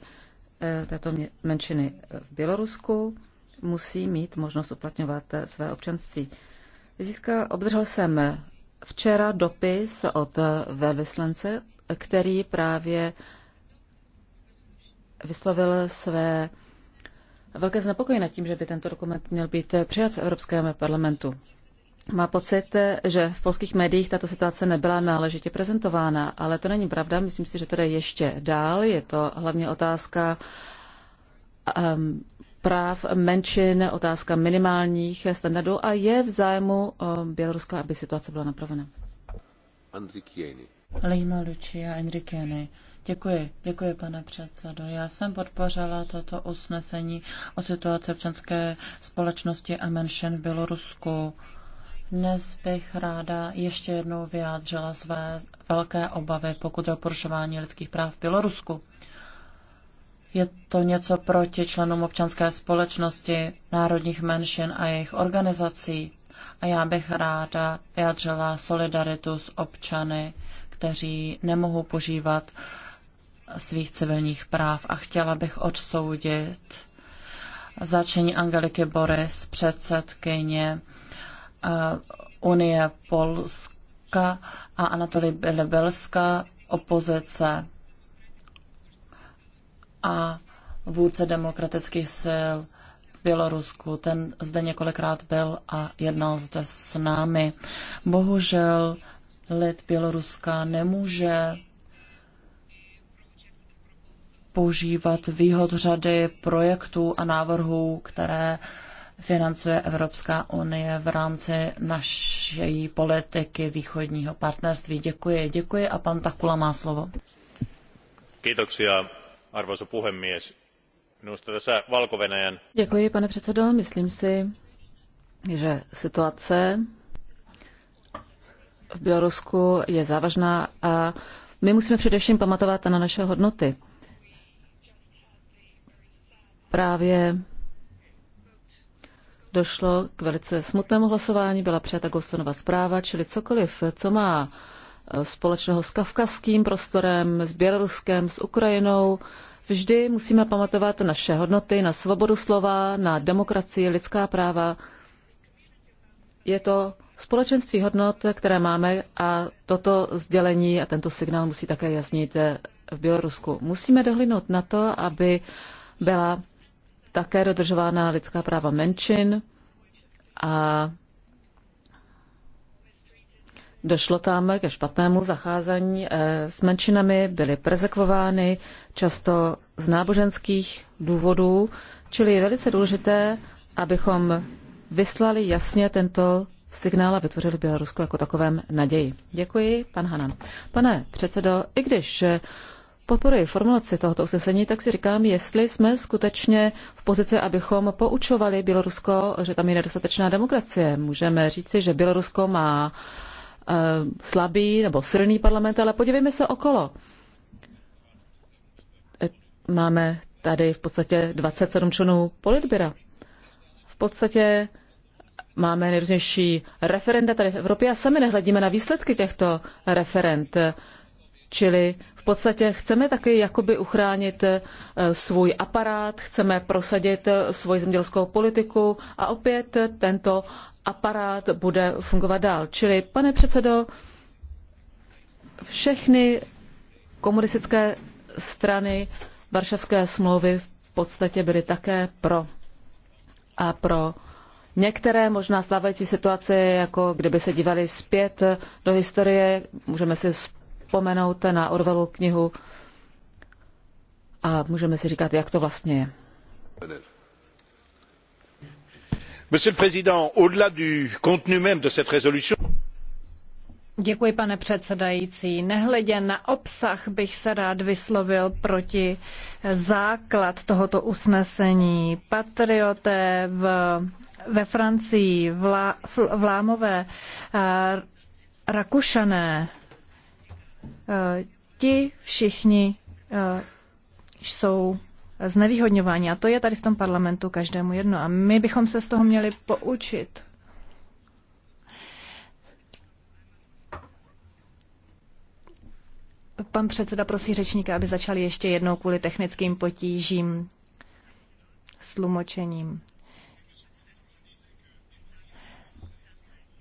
eh, této menšiny v Bělorusku, musí mít možnost uplatňovat eh, své občanství. Získal, obdržel jsem včera dopis od eh, velvyslance který právě vyslovil své velké znepokojení nad tím, že by tento dokument měl být přijat v Evropském parlamentu. Má pocit, že v polských médiích tato situace nebyla náležitě prezentována, ale to není pravda. Myslím si, že to jde ještě dál. Je to hlavně otázka um, práv menšin, otázka minimálních standardů a je v zájmu ehm, Běloruska, aby situace byla napravena. Andrikieni. Lejma Lucia Enrikény. Děkuji, děkuji pane předsedo. Já jsem podpořila toto usnesení o situaci občanské společnosti a menšin v Bělorusku. Dnes bych ráda ještě jednou vyjádřila své velké obavy, pokud o porušování lidských práv v Bělorusku. Je to něco proti členům občanské společnosti, národních menšin a jejich organizací. A já bych ráda vyjádřila solidaritu s občany kteří nemohou požívat svých civilních práv a chtěla bych odsoudit začení Angeliky Boris, předsedkyně eh, Unie Polska a Anatoly Lebelska, opozice a vůdce demokratických sil v Bělorusku. Ten zde několikrát byl a jednal zde s námi. Bohužel lid Běloruska nemůže používat výhod řady projektů a návrhů, které financuje Evropská unie v rámci naší politiky východního partnerství. Děkuji, děkuji a pan Takula má slovo. Kiitoksia, arvoisa puhemies. Minusta tässä valko Děkuji, pane předsedo. Myslím si, že situace v Bělorusku je závažná a my musíme především pamatovat na naše hodnoty. Právě došlo k velice smutnému hlasování, byla přijata Gostonova zpráva, čili cokoliv, co má eh, společného s kavkazským prostorem, s Běloruskem, s Ukrajinou, vždy musíme pamatovat naše hodnoty, na svobodu slova, na demokracii, lidská práva. Je to společenství hodnot, které máme a toto sdělení a tento signál musí také jasnit v Bělorusku. Musíme dohlídnout na to, aby byla také dodržována lidská práva menšin a došlo tam ke špatnému zacházení eh, s menšinami, byly prezekvovány často z náboženských důvodů, čili je velice důležité, abychom vyslali jasně tento signál a vytvořili Bělorusku jako takovém naději. Děkuji, pan Hanan. Pane předsedo, i když eh, podporuji formulaci tohoto usnesení, tak si říkám, jestli jsme skutečně v pozici, abychom poučovali Bělorusko, že tam je nedostatečná demokracie. Můžeme říci, že Bělorusko má e, slabý nebo silný parlament, ale podívejme se okolo. Eh, máme tady v podstatě 27 členů politběra. V podstatě Máme nejrůznější referenda tady v Evropě a sami nehledíme na výsledky těchto referend. Čili v podstatě chceme taky jakoby uchránit eh, svůj aparát, chceme prosadit eh, svoji zemědělskou politiku a opět eh, tento aparát bude fungovat dál. Čili, pane předsedo, všechny komunistické strany Varšavské smlouvy v podstatě byly také pro. A pro některé možná stávající situace, jako kdyby se dívali zpět do historie, můžeme si vzpomenout na Orwellu knihu a můžeme si říkat, jak to vlastně je. Monsieur le Président, au-delà du contenu même de cette résolution, Děkuji, pane předsedající. Nehledě na obsah bych se rád vyslovil proti základ tohoto usnesení. Patrioté v ve Francii, vlá, vlámové, eh, rakušané, eh, ti všichni eh, jsou znevýhodňováni. A to je tady v tom parlamentu každému jedno. A my bychom se z toho měli poučit. Pan předseda prosí řečníka, aby začali ještě jednou kvůli technickým potížím s tlumočením.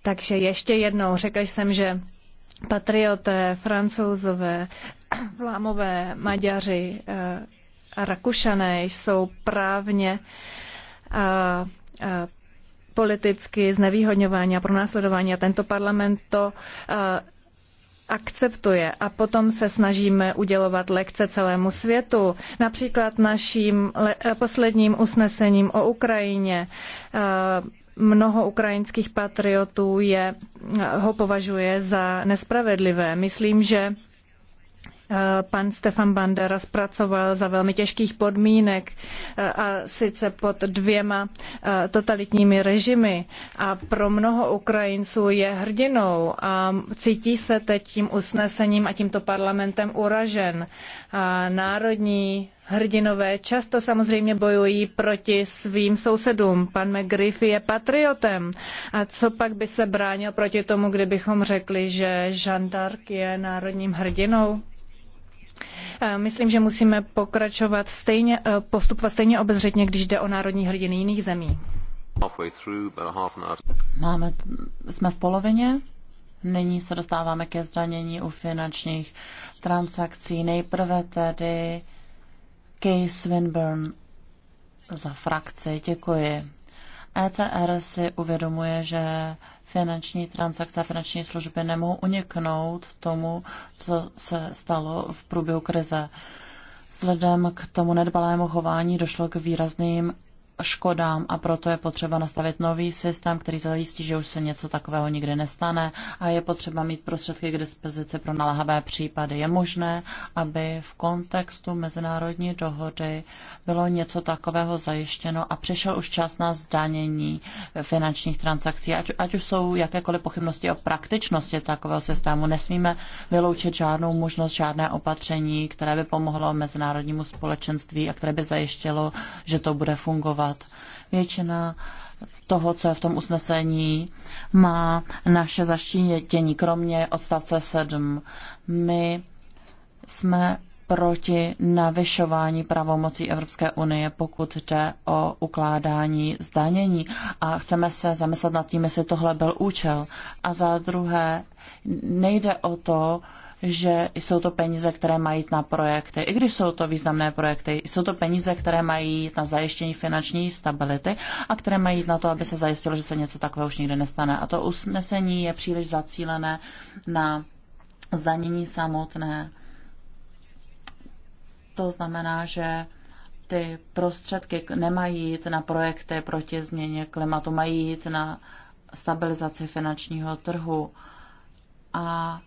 Takže ještě jednou, řekl jsem, že patrioté, francouzové, [CLEARS THROAT] vlámové, maďaři eh, a rakušané jsou právně eh, eh, a, a politicky znevýhodňování a pronásledování a tento parlament to a, akceptuje a potom se snažíme udělovat lekce celému světu. Například naším posledním usnesením o Ukrajině mnoho ukrajinských patriotů je, ho považuje za nespravedlivé. Myslím, že Eh, pan Stefan Bandera zpracoval za velmi těžkých podmínek eh, a sice pod dvěma eh, totalitními režimy a pro mnoho Ukrajinců je hrdinou a cítí se teď tím usnesením a tímto parlamentem uražen. A národní Hrdinové často samozřejmě bojují proti svým sousedům. Pan McGriffy je patriotem. A co pak by se bránil proti tomu, kdybychom řekli, že Jean d'Arc je národním hrdinou? Eh, myslím, že musíme pokračovat stejně, eh, postupovat stejně obezřetně, když jde o národní hrdiny jiných zemí. Máme, jsme v polovině. Nyní se dostáváme ke zdanění u finančních transakcí. Nejprve tedy Kay Swinburne za frakci. Děkuji. ECR si uvědomuje, že finanční transakce a finanční služby nemohou uniknout tomu, co se stalo v průběhu krize. Vzhledem k tomu nedbalému chování došlo k výrazným škodám a proto je potřeba nastavit nový systém, který zajistí, že už se něco takového nikdy nestane a je potřeba mít prostředky k dispozici pro nalahavé případy. Je možné, aby v kontextu mezinárodní dohody bylo něco takového zajištěno a přišel už čas na zdanění finančních transakcí, ať, ať už jsou jakékoliv pochybnosti o praktičnosti takového systému. Nesmíme vyloučit žádnou možnost, žádné opatření, které by pomohlo mezinárodnímu společenství a které by zajištělo, že to bude fungovat překlad. Většina toho, co je v tom usnesení, má naše zaštítění, kromě odstavce 7. My jsme proti navyšování pravomocí Evropské unie, pokud jde o ukládání zdanění. A chceme se zamyslet nad tím, jestli tohle byl účel. A za druhé, nejde o to, že jsou to peníze, které mají na projekty, i když jsou to významné projekty, jsou to peníze, které mají na zajištění finanční stability a které mají na to, aby se zajistilo, že se něco takového už nikdy nestane. A to usnesení je příliš zacílené na zdanění samotné. To znamená, že ty prostředky nemají jít na projekty proti změně klimatu, mají jít na stabilizaci finančního trhu. A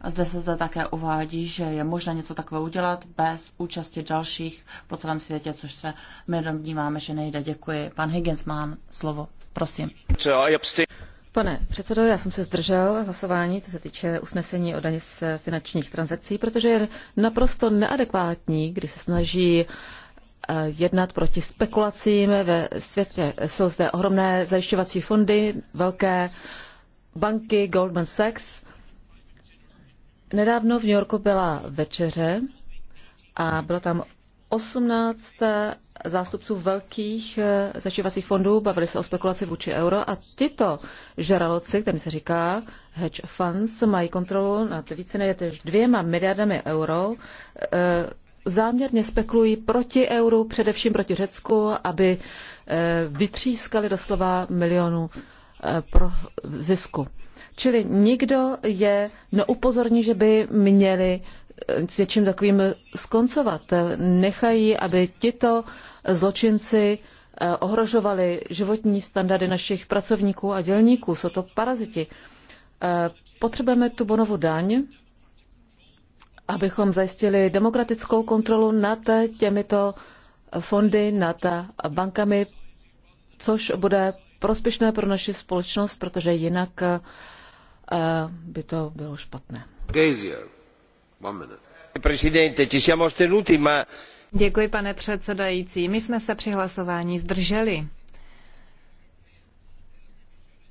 a zde se zde také uvádí, že je možné něco takové udělat bez účasti dalších po celém světě, což se my domníváme, že nejde. Děkuji. Pan Higgins má slovo. Prosím. Pane předsedo, já jsem se zdržel hlasování, co se týče usnesení o daně z finančních transakcí, protože je naprosto neadekvátní, když se snaží eh, jednat proti spekulacím ve světě. Jsou zde ohromné zajišťovací fondy, velké banky, Goldman Sachs, Nedávno v New Yorku byla večeře a bylo tam 18 eh, zástupců velkých eh, zašívacích fondů, bavili se o spekulaci vůči euro a tyto žraloci, kterým se říká hedge funds, mají kontrolu nad více než dvěma miliardami euro, eh, záměrně spekulují proti euru, především proti Řecku, aby vytřískali doslova milionů pro zisku. Čili nikdo je neupozorní, no, že by měli eh, s něčím takovým skoncovat. Nechají, aby tito zločinci eh, ohrožovali životní standardy našich pracovníků a dělníků. Jsou to paraziti. Eh, potřebujeme tu bonovu daň, abychom zajistili demokratickou kontrolu nad těmito fondy, nad bankami, což bude prospěšné pro naši společnost, protože jinak Eh, by to bylo špatné. Děkuji, pane předsedající. My jsme se při hlasování zdrželi.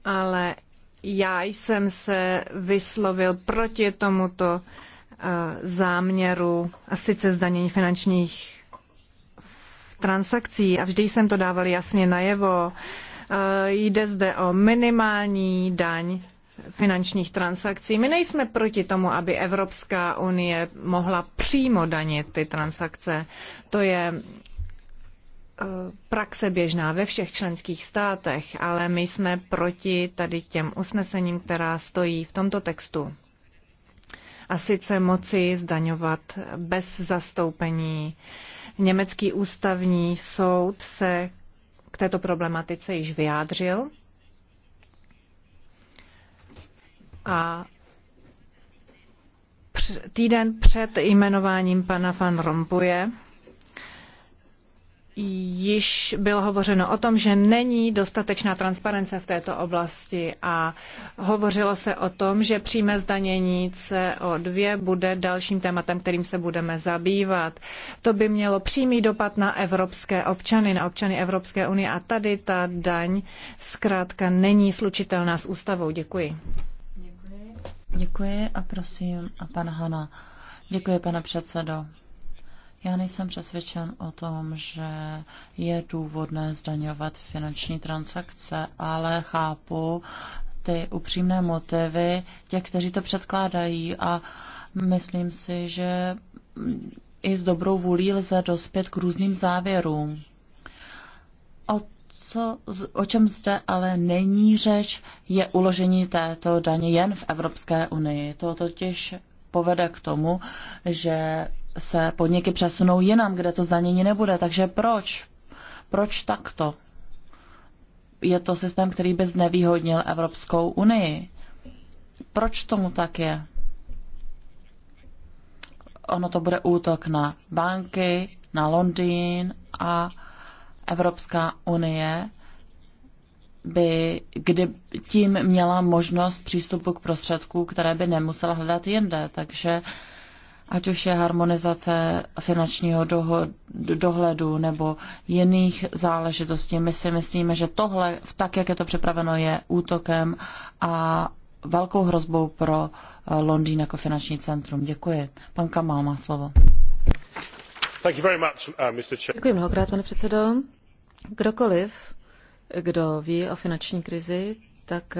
Ale já jsem se vyslovil proti tomuto eh, záměru a sice zdanění finančních transakcí a vždy jsem to dával jasně najevo. Eh, jde zde o minimální daň finančních transakcí. My nejsme proti tomu, aby Evropská unie mohla přímo danit ty transakce. To je eh, praxe běžná ve všech členských státech, ale my jsme proti tady těm usnesením, která stojí v tomto textu. A sice moci zdaňovat bez zastoupení. Německý ústavní soud se k této problematice již vyjádřil a týden před jmenováním pana Van Rompuje již bylo hovořeno o tom, že není dostatečná transparence v této oblasti a hovořilo se o tom, že přímé zdanění CO2 bude dalším tématem, kterým se budeme zabývat. To by mělo přímý dopad na evropské občany, na občany Evropské unie a tady ta daň zkrátka není slučitelná s ústavou. Děkuji. Děkuji a prosím a pan Hana. Děkuji, pane předsedo. Já nejsem přesvědčen o tom, že je důvodné zdaňovat finanční transakce, ale chápu ty upřímné motivy těch, kteří to předkládají a myslím si, že i s dobrou vůlí lze dospět k různým závěrům co, o čem zde ale není řeč, je uložení této daně jen v Evropské unii. To totiž povede k tomu, že se podniky přesunou jinam, kde to zdanění nebude. Takže proč? Proč takto? Je to systém, který by znevýhodnil Evropskou unii. Proč tomu tak je? Ono to bude útok na banky, na Londýn a Evropská unie by kdy tím měla možnost přístupu k prostředku, které by nemusela hledat jinde. Takže ať už je harmonizace finančního doho- dohledu nebo jiných záležitostí, my si myslíme, že tohle, tak jak je to připraveno, je útokem a velkou hrozbou pro eh, Londýn jako finanční centrum. Děkuji. Pan Kamal má slovo. Uh, Děkuji mnohokrát, pane předsedo. Kdokoliv, kdo ví o finanční krizi, tak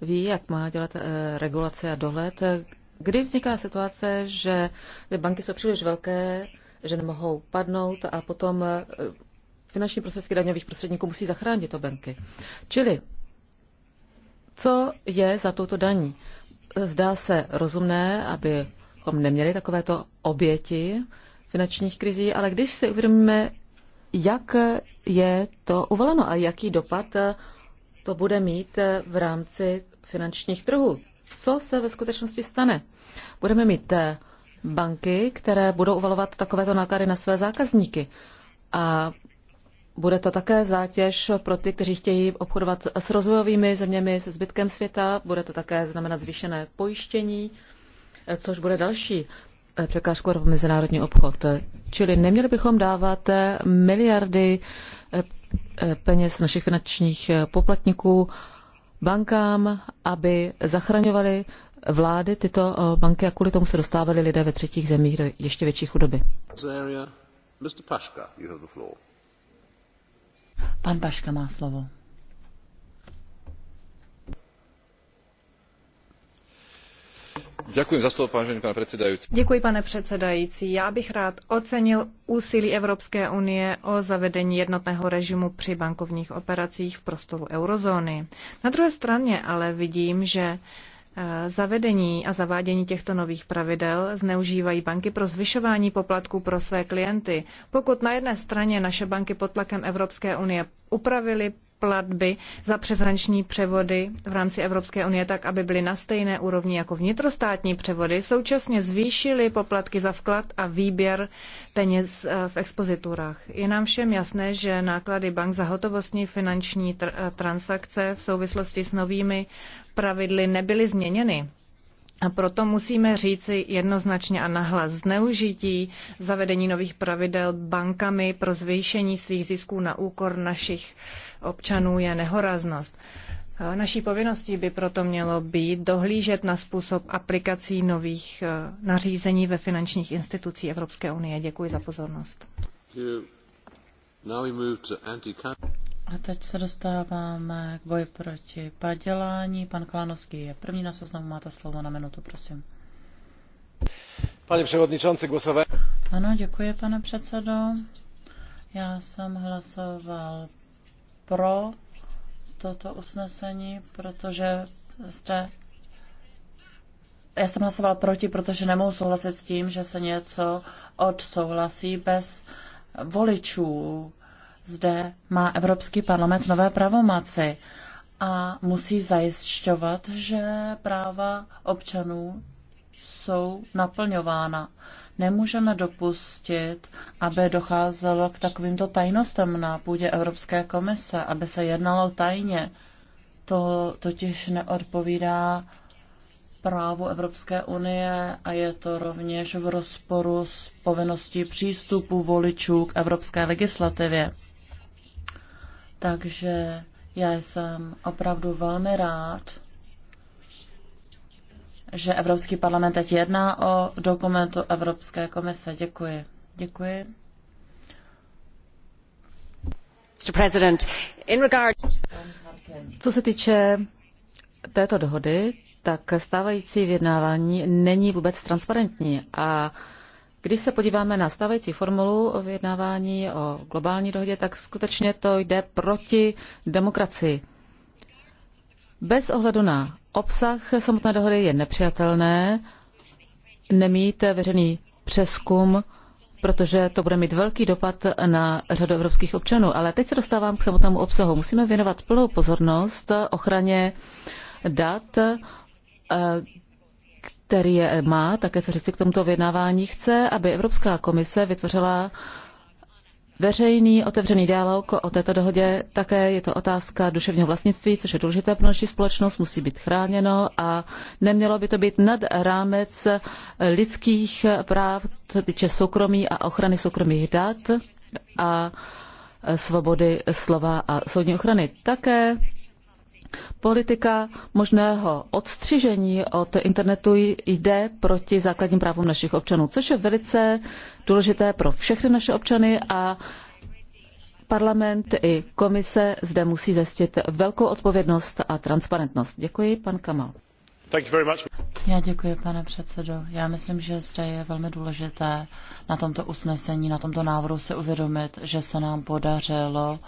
ví, jak má dělat eh, regulace a dohled. Kdy vzniká situace, že banky jsou příliš velké, že nemohou padnout a potom eh, finanční prostředky daňových prostředníků musí zachránit to banky. Čili, co je za touto daní? Zdá se rozumné, aby neměli takovéto oběti finančních krizí, ale když si uvědomíme, jak je to uvoleno a jaký dopad to bude mít v rámci finančních trhů. Co se ve skutečnosti stane? Budeme mít banky, které budou uvalovat takovéto náklady na své zákazníky. A bude to také zátěž pro ty, kteří chtějí obchodovat s rozvojovými zeměmi, se zbytkem světa. Bude to také znamenat zvýšené pojištění, což bude další překážku pro mezinárodní obchod. Čili neměli bychom dávat eh, miliardy eh, eh, peněz našich finančních poplatníků bankám, aby zachraňovali vlády tyto banky a kvůli tomu se dostávali lidé ve třetích zemích do ještě větší chudoby. Pan Paška má slovo. Děkuji, pane Já bych rád ocenil úsilí Evropské unie o zavedení jednotného režimu při bankovních operacích v prostoru eurozóny. Na druhé straně ale vidím, že eh, zavedení a zavádění těchto nových pravidel zneužívají banky pro zvyšování poplatků pro své klienty. Pokud na jedné straně naše banky pod tlakem Evropské unie upravily platby za přeshraniční převody v rámci Evropské unie tak, aby byly na stejné úrovni jako vnitrostátní převody, současně zvýšily poplatky za vklad a výběr peněz eh, v expoziturách. Je nám všem jasné, že náklady bank za hotovostní finanční eh, transakce v souvislosti s novými pravidly nebyly změněny. A proto musíme říci jednoznačně a nahlas zneužití zavedení nových pravidel bankami pro zvýšení svých zisků na úkor našich občanů je nehoraznost. Naší povinností by proto mělo být dohlížet na způsob aplikací nových e, nařízení ve finančních institucí Evropské unie. Děkuji za pozornost. A teď se dostáváme k boji proti padělání. Pan Klanovský je první na seznamu, máte slovo na minutu, prosím. Pane převodničanci, głosowałem. Ano, děkuji, pane předsedo. Já jsem hlasoval pro toto usnesení, protože jste já jsem hlasoval proti, protože nemohu souhlasit s tím, že se něco odsouhlasí bez voličů, zde má Evropský parlament nové pravomoci a musí zajišťovat, že práva občanů jsou naplňována. Nemůžeme dopustit, aby docházelo k takovýmto tajnostem na půdě Evropské komise, aby se jednalo tajně. To totiž neodpovídá právu Evropské unie a je to rovněž v rozporu s povinností přístupu voličů k evropské legislativě. Takže já jsem opravdu velmi rád, že Evropský parlament teď jedná o dokumentu Evropské komise. Děkuji. Děkuji. Co se týče této dohody, tak stávající vyjednávání není vůbec transparentní a když se podíváme na stávající formulu o vyjednávání o globální dohodě, tak skutečně to jde proti demokracii. Bez ohledu na obsah samotné dohody je nepřijatelné nemít veřejný přeskum, protože to bude mít velký dopad na řadu evropských občanů. Ale teď se dostávám k samotnému obsahu. Musíme věnovat plnou pozornost ochraně dat, eh, který je má, také co říci k tomuto vyjednávání, chce, aby Evropská komise vytvořila veřejný otevřený dialog o této dohodě. Také je to otázka duševního vlastnictví, což je důležité pro naši společnost, musí být chráněno a nemělo by to být nad rámec lidských práv, co týče soukromí a ochrany soukromých dat a svobody slova a soudní ochrany. Také Politika možného odstřižení od internetu jde proti základním právům našich občanů, což je velice důležité pro všechny naše občany a parlament i komise zde musí zjistit velkou odpovědnost a transparentnost. Děkuji, pan Kamal. Já děkuji, pane předsedo. Já myslím, že zde je velmi důležité na tomto usnesení, na tomto návrhu se uvědomit, že se nám podařilo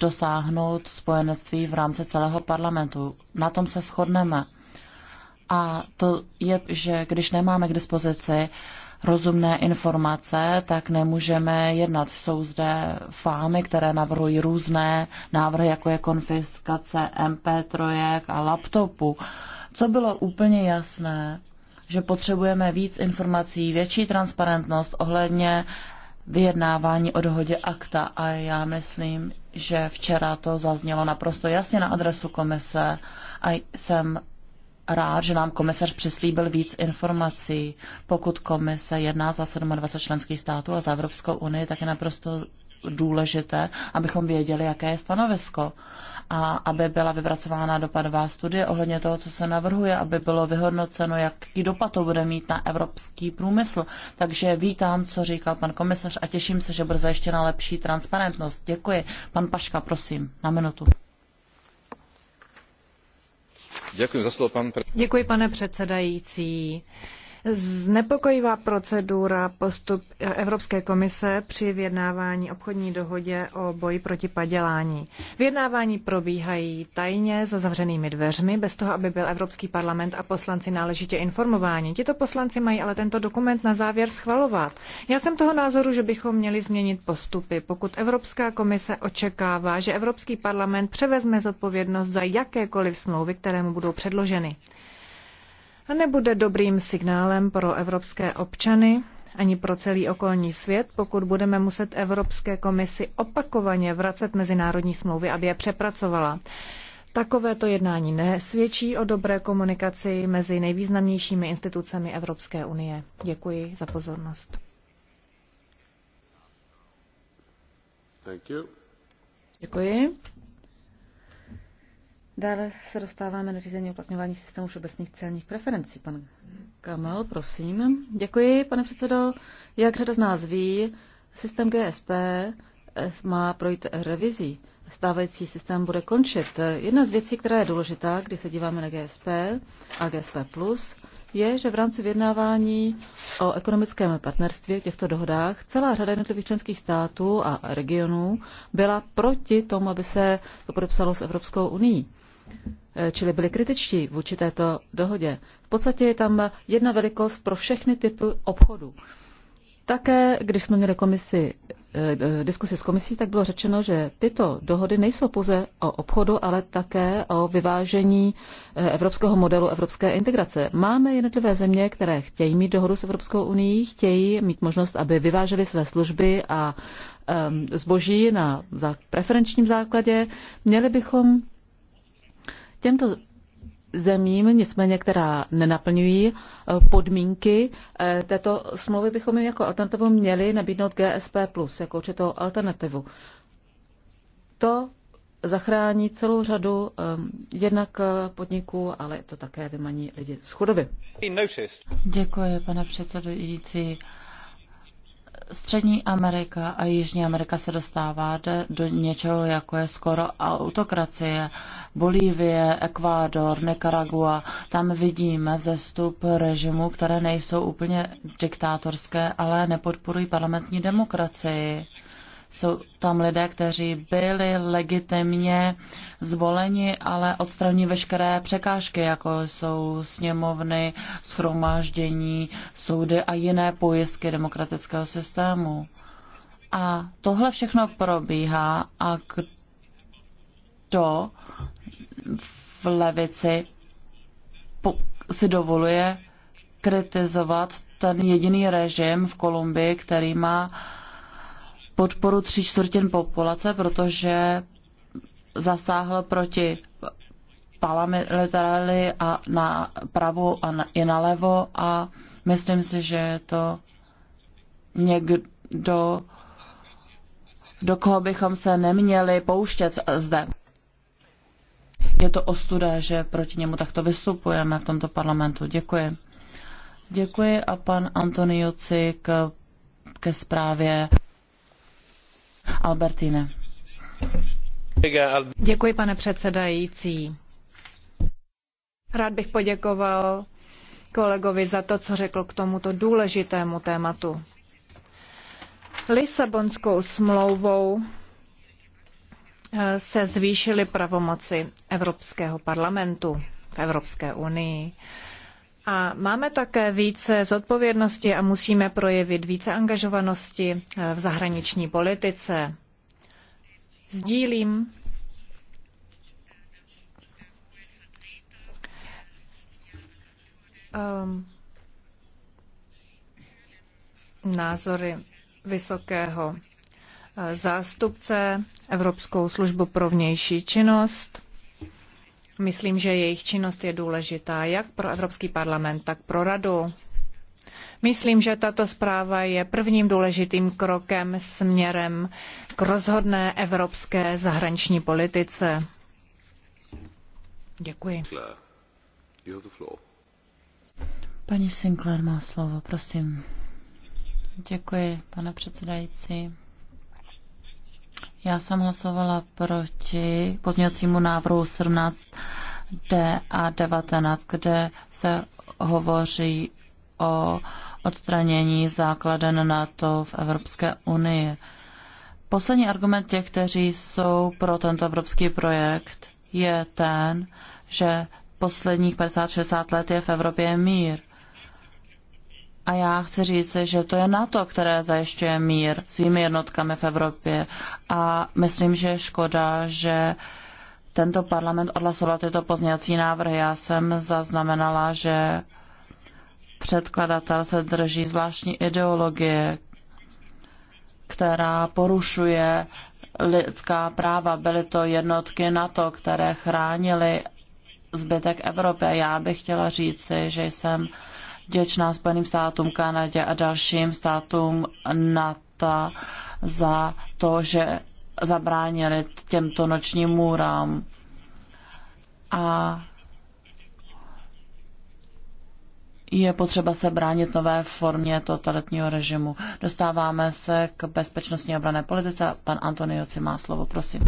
dosáhnout spojenectví v rámci celého parlamentu. Na tom se shodneme. A to je, že když nemáme k dispozici rozumné informace, tak nemůžeme jednat. Jsou zde fámy, které navrhují různé návrhy, jako je konfiskace MP3 a laptopu. Co bylo úplně jasné, že potřebujeme víc informací, větší transparentnost ohledně vyjednávání o dohodě akta a já myslím, že včera to zaznělo naprosto jasně na adresu komise a jsem rád, že nám komisař přislíbil víc informací. Pokud komise jedná za 27 členských států a za Evropskou unii, tak je naprosto důležité, abychom věděli, jaké je stanovisko a aby byla vypracována dopadová studie ohledně toho, co se navrhuje, aby bylo vyhodnoceno, jaký dopad to bude mít na evropský průmysl. Takže vítám, co říkal pan komisař a těším se, že brzy ještě na lepší transparentnost. Děkuji. Pan Paška, prosím, na minutu. Děkuji, za slovo, pan pre... Děkuji pane předsedající. Znepokojivá procedura postup Evropské komise při vyjednávání obchodní dohodě o boji proti padělání. Vyjednávání probíhají tajně za zavřenými dveřmi, bez toho, aby byl Evropský parlament a poslanci náležitě informováni. Tito poslanci mají ale tento dokument na závěr schvalovat. Já jsem toho názoru, že bychom měli změnit postupy, pokud Evropská komise očekává, že Evropský parlament převezme zodpovědnost za jakékoliv smlouvy, které mu budou předloženy a nebude dobrým signálem pro evropské občany ani pro celý okolní svět, pokud budeme muset Evropské komisi opakovaně vracet mezinárodní smlouvy, aby je přepracovala. Takovéto jednání nesvědčí o dobré komunikaci mezi nejvýznamnějšími institucemi Evropské unie. Děkuji za pozornost. Děkuji. Dále se dostáváme na řízení uplatňování systému všeobecných celních preferencí. Pan Kamel, prosím. Děkuji, pane předsedo. Jak řada z nás ví, systém GSP eh, má projít revizí. Stávající systém bude končit. Jedna z věcí, která je důležitá, když se díváme na GSP a GSP+, je, že v rámci vyjednávání o ekonomickém partnerství v těchto dohodách celá řada jednotlivých členských států a regionů byla proti tomu, aby se to podepsalo s Evropskou unii. Eh, čili byli kritičtí vůči této dohodě. V podstatě je tam jedna velikost pro všechny typy obchodů. Také, když jsme měli komisi, eh, eh, diskusi s komisí, tak bylo řečeno, že tyto dohody nejsou pouze o obchodu, ale také o vyvážení evropského modelu evropské integrace. Máme jednotlivé země, které chtějí mít dohodu s Evropskou unii, chtějí mít možnost, aby vyvážely své služby a zboží na preferenčním základě. Měli bychom těmto zemím, nicméně která nenaplňují eh, podmínky eh, této smlouvy, bychom jim jako alternativu měli nabídnout GSP+, jako určitou alternativu. To zachrání celou řadu eh, jednak podniků, ale to také vymaní lidi z chudoby. Děkuji, pane předsedající. Střední Amerika a Jižní Amerika se dostává do něčeho, jako je skoro autokracie. Bolívie, Ekvádor, Nicaragua, tam vidíme vzestup režimů, které nejsou úplně diktátorské, ale nepodporují parlamentní demokracii. Jsou tam lidé, kteří byli legitimně zvoleni, ale odstraní veškeré překážky, jako jsou sněmovny, schromáždění, soudy a jiné pojistky demokratického systému. A tohle všechno probíhá a kdo v levici si dovoluje kritizovat ten jediný režim v Kolumbii, který má podporu tří čtvrtin populace, protože zasáhl proti paramilitarily a na pravo a na, i nalevo a myslím si, že je to někdo, do koho bychom se neměli pouštět zde. Je to ostuda, že proti němu takto vystupujeme v tomto parlamentu. Děkuji. Děkuji a pan Antonioci ke zprávě Albertine. Děkuji, pane předsedající. Rád bych poděkoval kolegovi za to, co řekl k tomuto důležitému tématu. Lisabonskou smlouvou eh, se zvýšily pravomoci Evropského parlamentu v Evropské unii. A máme také více zodpovědnosti a musíme projevit více angažovanosti eh, v zahraniční politice. Sdílím um, názory vysokého eh, zástupce Evropskou službu pro vnější činnost Myslím, že jejich činnost je důležitá jak pro Evropský parlament, tak pro Radu. Myslím, že tato zpráva je prvním důležitým krokem směrem k rozhodné evropské zahraniční politice. Děkuji. Paní Sinclair má slovo, prosím. Děkuji, pane předsedající. Já jsem hlasovala proti pozměňovacímu návrhu 17D a 19, kde se hovoří o odstranění základen NATO v Evropské unii. Poslední argument těch, kteří jsou pro tento evropský projekt, je ten, že posledních 50-60 let je v Evropě mír. A já chci říct, že to je NATO, které zajišťuje mír svými jednotkami v Evropě. A myslím, že je škoda, že tento parlament odhlasoval tyto pozněcí návrhy. Já jsem zaznamenala, že předkladatel se drží zvláštní ideologie, která porušuje lidská práva. Byly to jednotky NATO, které chránily zbytek Evropy. Já bych chtěla říci, že jsem vděčná Spojeným státům, Kanadě a dalším státům NATO za to, že zabránili těmto nočním můrám. A je potřeba se bránit nové formě totalitního režimu. Dostáváme se k bezpečnostní obrané politice. Pan Antonio si má slovo, prosím.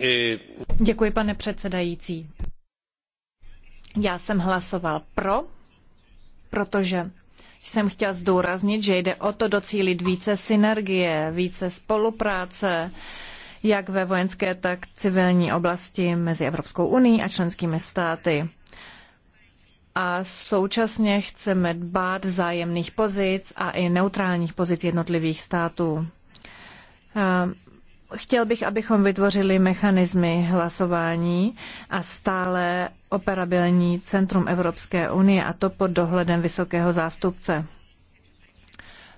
E- Děkuji, pane předsedající já jsem hlasoval pro, protože jsem chtěl zdůraznit, že jde o to docílit více synergie, více spolupráce, jak ve vojenské, tak civilní oblasti mezi Evropskou unii a členskými státy. A současně chceme dbát zájemných pozic a i neutrálních pozic jednotlivých států. Chtěl bych, abychom vytvořili mechanismy hlasování a stále operabilní centrum Evropské unie a to pod dohledem vysokého zástupce.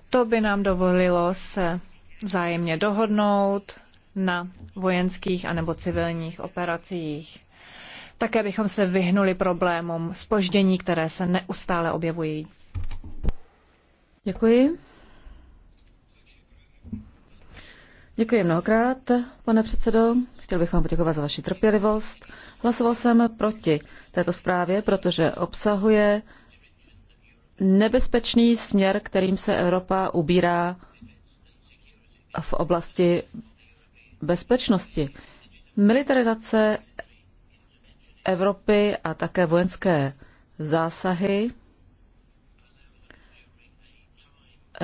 To by nám dovolilo se vzájemně dohodnout na vojenských anebo civilních operacích. Také bychom se vyhnuli problémům spoždění, které se neustále objevují. Děkuji. Děkuji mnohokrát, pane předsedo. Chtěl bych vám poděkovat za vaši trpělivost. Hlasoval jsem proti této zprávě, protože obsahuje nebezpečný směr, kterým se Evropa ubírá v oblasti bezpečnosti. Militarizace Evropy a také vojenské zásahy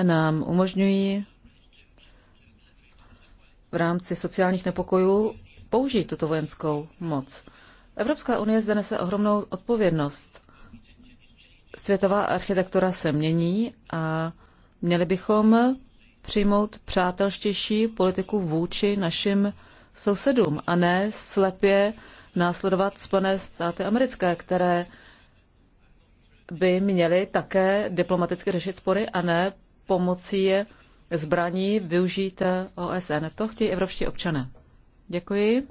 nám umožňují v rámci sociálních nepokojů použít tuto vojenskou moc. Evropská unie zde nese ohromnou odpovědnost. Světová architektura se mění a měli bychom přijmout přátelštější politiku vůči našim sousedům a ne slepě následovat Spojené státy americké, které by měly také diplomaticky řešit spory a ne pomocí zbraní využít eh, OSN. To chtějí evropští občané. Děkuji.